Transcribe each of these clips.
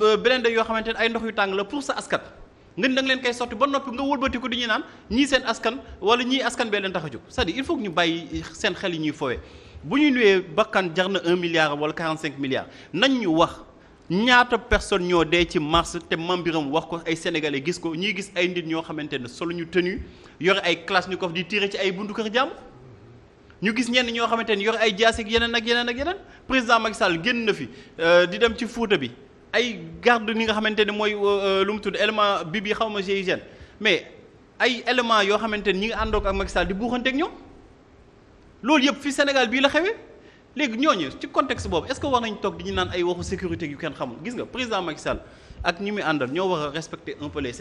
beneen day yoo xamante ne ay ndox yu tàng la pour sa askan nga ni da nga leen koy sotti ba noppi nga ko di ñu naan ñii seen askan wala ñii askan bee leen tax a jóg sa à il faut que ñu bàyyi seen xel yi ñuy fowee bu ñu nuyee bakkan jar na un milliard wala quarante cinq milliards nañ ñu wax ñaata personne ñoo dee ci mars te mambiram wax ko ay sénégalais gis ko ñii gis ay nit ñoo xamante ne solo ñu tenue yore ay kalachnikov di tirer ci ay buntu kër jàmm ñu gis ñenn ñoo xamante ne yore ay jaas ak yeneen ak yeneen ak yeneen président Macky Sall génn na fi euh, di dem ci Fuuta bi ay garde ni nga xamante ne mooy euh, euh, lu mu tudd élément bi bi xaw ma GIGN mais ay élément yoo xamante ne ñi nga àndoog ak Macky Sall di buuxanteeg ñoom loolu yëpp fi Sénégal bii la xewee léegi ñu ci contexte boobu est-ce que war nañ toog di ñu naan ay waxu sécurité yu kenn xamul gis nga président Macky Sall ak ñi muy àndal ñoo war a respecter un peu les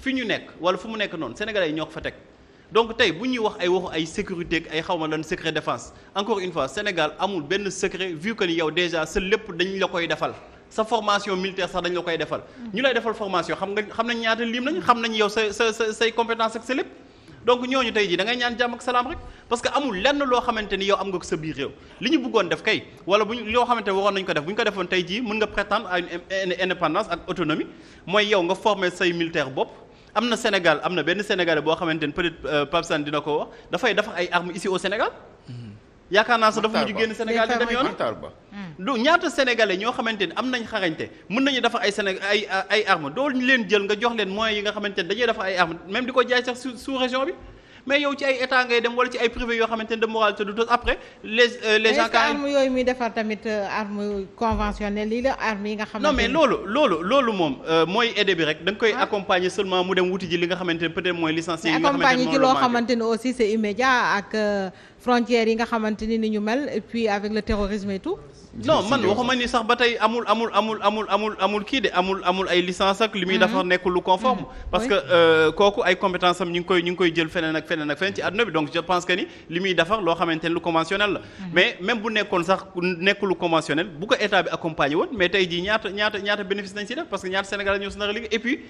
fi ñu nekk wala fu mu nekk noonu sénégalais yi ñoo ko fa teg. donc tey bu ñuy wax ay waxu ay sécurité ak ay xawma lan secret défense encore une fois Sénégal amul benn secret vu que ni lépp dañ la koy defal. sa formation militaire sax dañ la koy defal. ñu lay defal formation xam nga xam nañ ñaata lim nañ xam nañ yow sa sa sa say compétence ak sa lépp. donc ñooñu tey jii dangay ñaan jàmm ak salaam rek parce que amul lenn loo xamante ni yow am nga ko sa biir réew li ñu buggoon def kay wala bu ñu loo xamante ni waroon nañu ko def bu ñu ko defoon tey jii mën nga prétendre à une ak autonomie mooy yow nga former say militaire bopp. am na Sénégal am na benn sénégalais boo xamante ni peut-être euh, Pape dina ko dafay defar ay armes ici au Sénégal. Mm-hmm. yaakaar naa sax dafa mujj génn Sénégal di dem yoon du ñaata sénégalais ñoo xamante ni am nañ xarañte mën nañu defar ay Séné ay ay doo leen jël nga jox leen moyens yi nga xamante ni dañuy defar ay armes même di ko jaay sax sous région bi mais yow ci ay état ngay dem wala ci ay privé yoo xamante ne de moralité douteuse après les euh, les gens quand yooyu muy defar tamit euh, arme conventionnelle lii la arme yi nga xamante non mais loolu loolu loolu moom euh, mooy aide bi rek da nga koy ah. accompagner seulement mu dem wuti ji li nga xamante ne peut-être mooy licencié yi nga accompagner ci loo xamante ak euh, frontières yi nga xamante ni ni ñu mel et puis avec le terrorisme et tout non man waxuma ni sax ba tey amul amul amul amul amul amul kii de amul amul ay licence ak li muy mm-hmm. dafa nekkul lu conforme mm-hmm. parce que euh, kooku ay compétence am ñu ngi koy ñu ngi koy jël feneen ak feneen ak feneen ci àdduna bi donc je pense que ni li muy defar loo xamante ne lu conventionnel la mm-hmm. mais même bu nekkoon sax nekkul lu conventionnel bu ko état bi accompagné woon mais tey jii ñaata ñaata ñaata bénéfice nañ si def parce que ñaata Sénégal ñoo si nar a liggéey et puis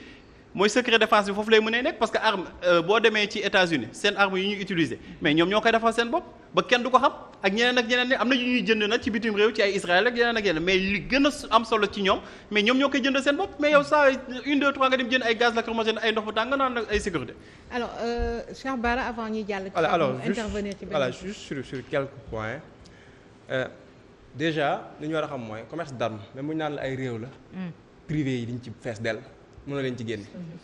mooy secret défense bi foofu lay mënee nekk parce que arme euh, boo demee ci États-Unis seen arme yi ñu utiliser mais ñoom ñoo koy defar seen bopp ba kenn du ko xam ak ñeneen ak ñeneen am na ñu ñuy jënd nag ci bitim réew ci ay Israël ak yeneen ak yeneen mais li gën a am solo ci ñoom mais ñoom ñoo koy jënd seen bopp mais yow saa une deux trois nga dem jënd ay gaz euh, Bara avant ñuy jàll. voilà alors juste sur sur quelques euh, déjà li ñu war a xam mooy commerce d'armes même bu ñu naan la ay réew la. Hmm. privé yi dañ ci fees dell mën na leen ci génne. Mhm.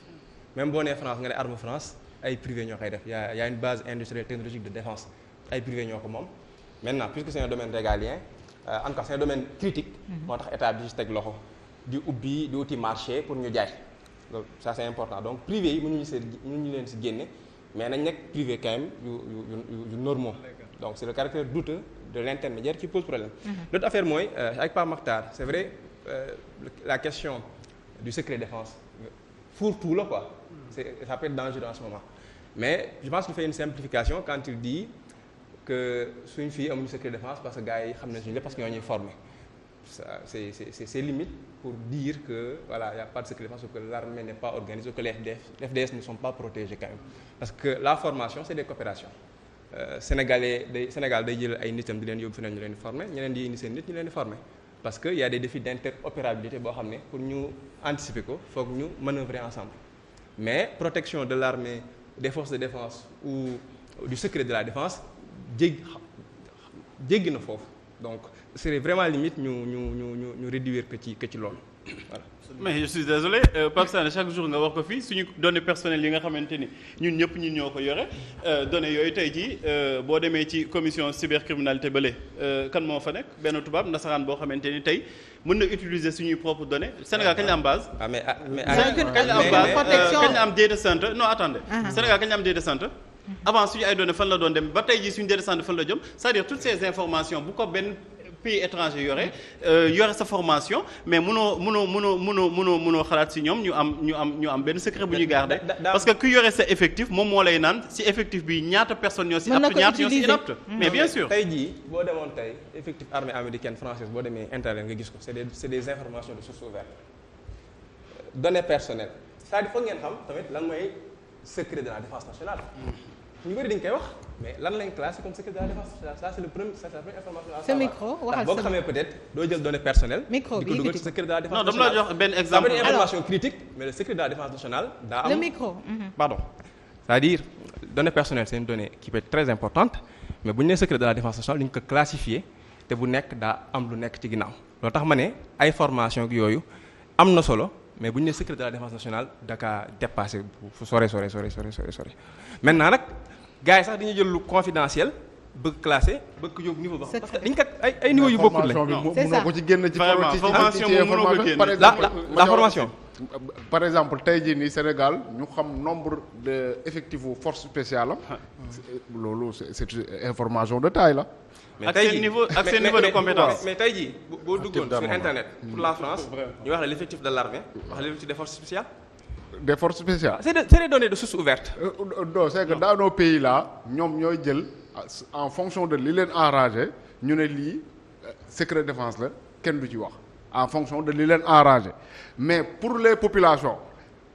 même boo nee France nga ne arme France ay privé ñoo koy def y a y a une base industrielle technologique ay privé ñoo ko moom maintenant puisque c'est un domaine régalien euh, en tout cas c'est un domaine critique mhm. moo tax état teg loxo di ubbi di wuti marché pour ñu jaay loolu ça important donc privé yi mënuñu see mënuñu leen si génne mais nañ nekk privé quand yu yu yu normaux donc c'est le caractère douteux de l'intermédiaire qui pose problème mhm. l'autre affaire mooy euh, avec Pape Makhtar c'est vrai euh, la question du secret défense fourre-tout là mhm. c'est ça peut en ce moment que suñ fii amuñu secret défense parce que gars yi xam ne suñu lépp parce que ñoo ñuy former ça c'est c'est c'est pour dire que voilà y a pas de secret défense ou que l'armée n'est pas organisée ou que les FDS, la formation c'est des coopérations euh, day Sénégal day jël ay nitam di leen yóbbu feneen ñu leen di former ñeneen di indi seen nit ñu leen di former parce que y a des défis d'interopérabilité boo xam ne pour ñu anticiper ko foog ñu manœuvrer ensemble mais protection de l'armée des forces de défense ou du secret la défense jég jéggi na foofu donc ce vraiment limite ñu ñu ñu ñu ñu réduire que ci que ci loolu voilà. mais je suis désolé euh, Pape Sané chaque jour nga wax ko fii suñu donne personnelles yi nga xamante ni ñun ñëpp ñun ñoo ko yore euh, données yooyu tey jii euh, boo demee ci commission cybercriminalité bële kan moo fa nekk benn tubaab nasaraan boo xamante ni tey mën na utiliser suñuy propre données Sénégal kañ la am base. ah mais ah mais. Ah, kañ la am base kañ la am data center avant suñu ay données fan la doon dem ba tey jii suñu descendre fan la jëm c'est-à-dire toutes ces informations bu ko benn pays étranger yore euh, yore sa formation mais mënoo mënoo mënoo mënoo mënoo mënoo xalaat si ñoom ñu am ñu am ñu am benn secret bu ñuy garder parce que ku yore sa effectif moom moo lay naan si effectif bi ñaata personne ñoo si apte ñaata ñoo si inapte mais bien sûr tey jii boo demoon tey effectif armée américaine française boo demee internet nga gis ko c'est des c'est des informations de source ouverte données personnelles c'est-à-dire foog ngeen xam tamit lan mooy secret de la défense nationale ñu bëri dañ koy wax lan lañ classé comme secret de la défense ça c'est le premier ça c'est la première information à savoir. sa micro waxal sa boo ko xamee peut-être doo jël données personnelles. micro bi di ko dugal ci secret de la défense nationale daa am mhm. pardon c'est-à-dire données personnelles c'est une très importante mais bu ñu nee secret de la défense nationale dañu ko classifié te bu nekk daa am lu nekk ci ginnaaw. loolu tax ma ne ay formation yooyu am na solo. mais bu ñu nee secret de la défense nationale daka dépassé fu sore sore sore sore sore sore maintenant nag gars sax dañuy jël lu confidentiel bëgg classé bëgg yóbbu niveau ba parce que dañu kat ay ay niveau yu bokkul lañ. c'est ça ko ci génn ci ci ci ci ci ci ci ci ci par exemple tey jii nii Sénégal ñu xam nombre de effectifs wu force spéciale am. Ah. loolu c'est information de taille la. mais tey jii niveau mais tey jii boo duggoon sur internet. pour la France ñu wax la l'effectif de l'armée wax l'effectif des forces spéciales. des forces spéciales. Ah, c'est de c'est des données de source ouverte. Euh, euh, non c'est que dans pays là ñoom ñooy jël en fonction de li leen enragé ñu ne lii euh, secret defence la kenn du ci wax. en fonction de li leen arrangé mais pour les populations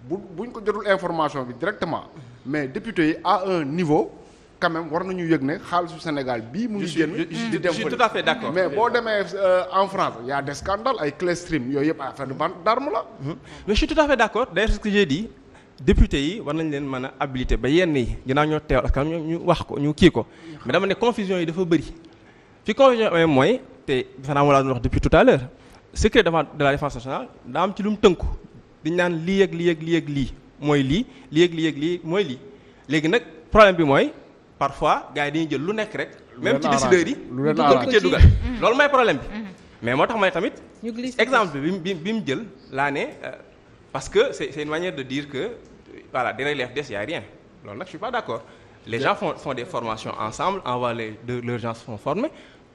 bu buñ ko jotul information bi directement mais député yi à un niveau quand même war nañu yëg ne xaalisu Sénégal bii mu ngi génn di dem tout à fait d'accord mais boo demee euh, en France y a des scandales ay Clearstream yooyu yëpp affaire de vente d'armes la mhm. mais je suis tout à fait d'accord d'ailleurs ce que député yi war nañ leen mën a habilité ba yenn yi ginnaaw ñoo teew ak ñu wax ko ñu kii ko mais dama ne confusion yi dafa bëri fi confusion amee mooy te fanaa ma laa doon wax depuis tout secret de la défense nationale daa am ci lu mu tënku dañ naan lii ak lii ak lii ak lii mooy lii lii ak lii mooy lii léegi nag problème bi mooy parfois gars yi dañuy jël lu nekk rek. même ci décideurs yi lu leen aaraat ci dugal loolu mooy problème bi. mais moo tax ma ne tamit. exemple bi bi mu jël laa ne euh, parce que c'est c'est une manière de dire que voilà derrière les FDS y rien loolu nag je suis pas d'accord les gens font font des formations ensemble envoient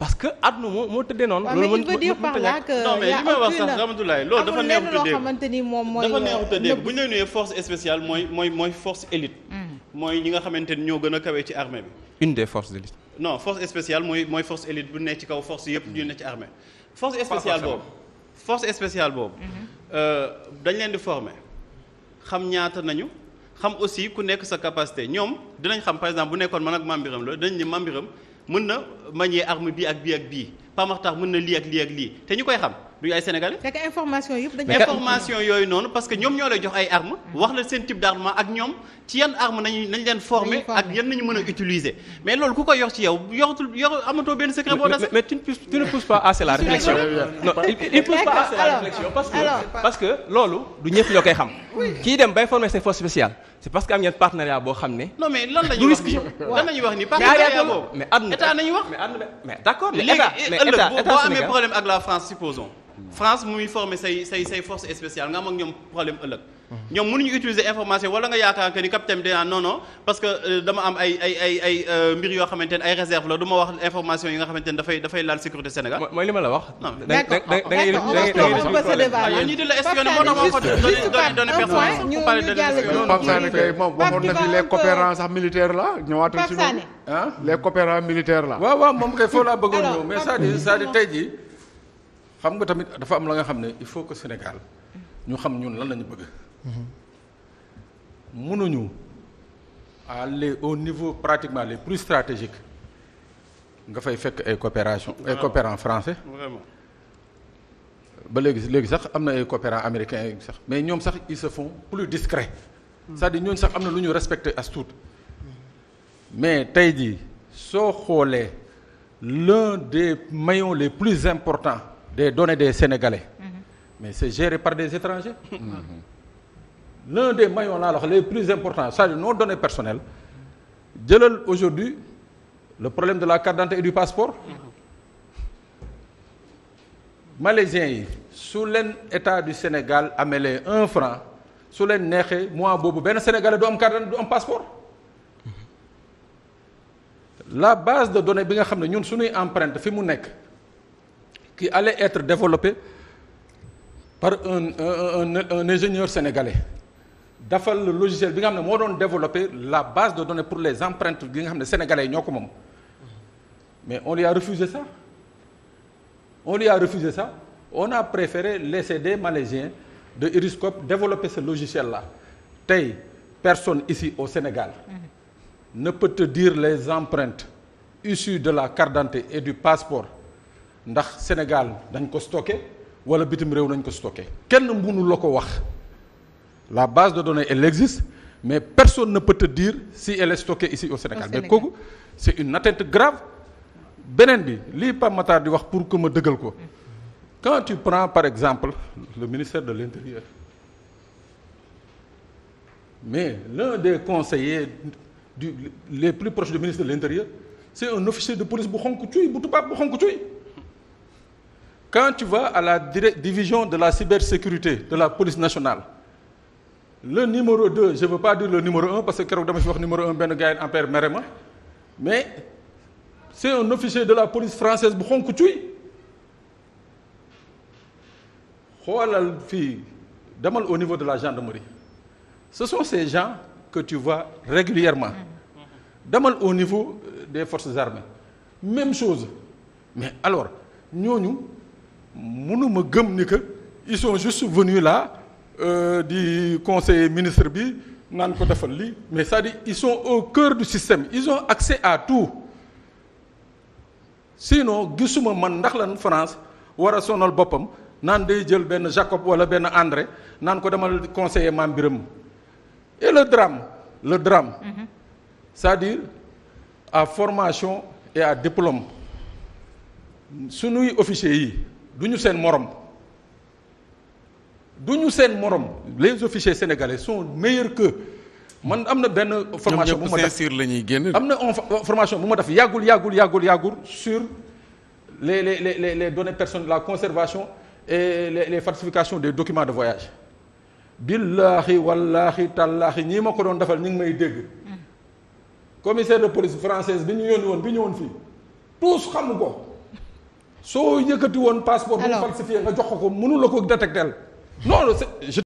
parce que àdduna moo moo tëddee noonu. loolu mën mën dafa neexut a dégg dafa neexut a bu ñu la nuyee force spéciale mooy mooy force élite. Mm. mooy ñi nga xamante ñoo gën a kawee ci armée bi. une des forces élite. non force spéciale mooy mooy force élite bu ne ci kaw force yëpp ñu ne ci armée force spéciale boobu force spéciale boobu. Mm-hmm. Euh, dañ leen di former xam ñaata nañu. xam aussi ku nekk sa capacité ñoom dinañ xam par exemple bu nekkoon man ak Mame Birame la ne Mame mën na manier arme bi ak bi ak bii pamaxtax mën na lii ak lii ak lii te ñu koy xam du ay sénégalais. information yooyu noonu parce que ñoom ñoo lay jox ay armes. wax la seen type d'armement ak ñoom ci yan arme nañu nañ leen former ak yan nañu mën a utiliser mais loolu ku koy yor ci yow yoratul yor amatoo benn secret boo des. tu ne pousses pas assez parce que loolu du ñëpp ñoo koy xam. kii dem bay former ses forces spéciales. c'est parce que am ngeen partenariat boo xam ne. non mais lan la ñuy wax nii lan la wax nii partenariat mais àdduna état nañu wax. mais àdduna mais d'accord mais état mais état état Sénégal léegi mu ngi former say say say nga am ak ñoom problème ëllëg. ñoom mënuñu utiliser information wala nga yaakaar que ni capitaine bi dinaa non parce que euh, dama am ay ay ay ay euh, mbir yoo xamante ne ay réserve la du ma wax information yi nga xamante ne dafay dafay laal sécurité Sénégal. mooy li ma la wax. non moom na fi les coopérants sax la ñëwaatul si moom. ah les coopérants la. waaw moom kay foo laa bëggoon ñëw mais tey jii xam nga tamit dafa am la nga xam ne il faut que Sénégal ñu xam ñun lan lañu bëgg mënuñu aller au niveau pratiquement les plus stratégiques nga fay fekk ay coopération ay coopérants français vraiment ba léegi léegi sax am na ay coopérants américains yi sax mais ñoom sax ils se font plus discrets sax di dire sax am na lu ñu respecté as tuut mais tey jii soo xoolee l'un des maillons les plus importants des données des Sénégalais mhm. mais c'est géré par des étrangers mhm. l'un des maillons laa wax les plus importants c'est-à-dire nos données personnelles jëlal aujourd'hui le problème de la carte d'identité et du passeport malaisiens yi su leen état du Sénégal amelee un franc su leen neexee mois boobu benn sénégalais du am carte d'identité du am passeport la base de données bi nga xam ne ñun suñuy empreinte fi mu nekk qui allait être développé par un un un, un, ingénieur sénégalais dafal le logiciel bi nga xam ne moo doon développer la base de données pour les empreintes bi nga xam ne sénégalais ñoo ko moom mais on lui a refusé ça on lui a refusé ça on a préféré laisser de Iriscope développer ce logiciel là tey personne ici au Sénégal mhm. dire les empreintes issues de la carte d'identité et du passeport ndax Sénégal dañ ko stocké wala bitim réew nañ ko stocké kenn mënu la ko wax la base de données elle existe mais personne ne peut te dire si elle est stockée ici au Sénégal mais kooku c'est une atteinte grave beneen bi lii Pape Matar wax pour que ma dëggal ko quand tu prends par exemple le ministère de l'Intérieur mais l'un des conseillers du les plus proches du ministre de l'Intérieur c'est un officier de police bu xonk cuy bu tubaab bu xonk cuy quand tu vas à la division de la cybersécurité de la police nationale le numéro 2 je veux pas dire le numéro 1 parce que keroog dama fi wax numéro 1 benn gars yi en père mere ma mais c'est un officier de la police française bu xonk cuy xoolal fii demal au niveau de la gendarmerie ce sont ces gens que tu vois régulièrement demal au niveau euh, des forces armées même chose mais alors ñooñu mënuma gëm ni que ils sont juste venus là Euh, di conseil ministre bi naan ko defal lii mais c'est-à-dire ils sont au cœur du système ils ont accès à tout sinon gisuma man ndax lan France war a sonal boppam naan day jël benn Jacob wala benn André naan ko demal conseiller maam Biram et le drame le drame mm à dire à formation et à diplôme suñuy officier yi du ñu seen morom duñu seen morom les officiers sénégalais sont meilleurs que man am na benn formation bu ma def la ñuy génn am na formation bu ma def yàggul yàggul yàggul yàggul sur les les les les données personnelles la conservation et les les falsifications des document de voyage billaahi wallaahi tallaahi ñii ma ko doon defal ñu ngi may dégg commissaire de police française bi ñu yónni woon bi ñëwoon fii tous xamu ko soo yëkkati woon passeport bu falsifié nga jox ko ko ko détectel non non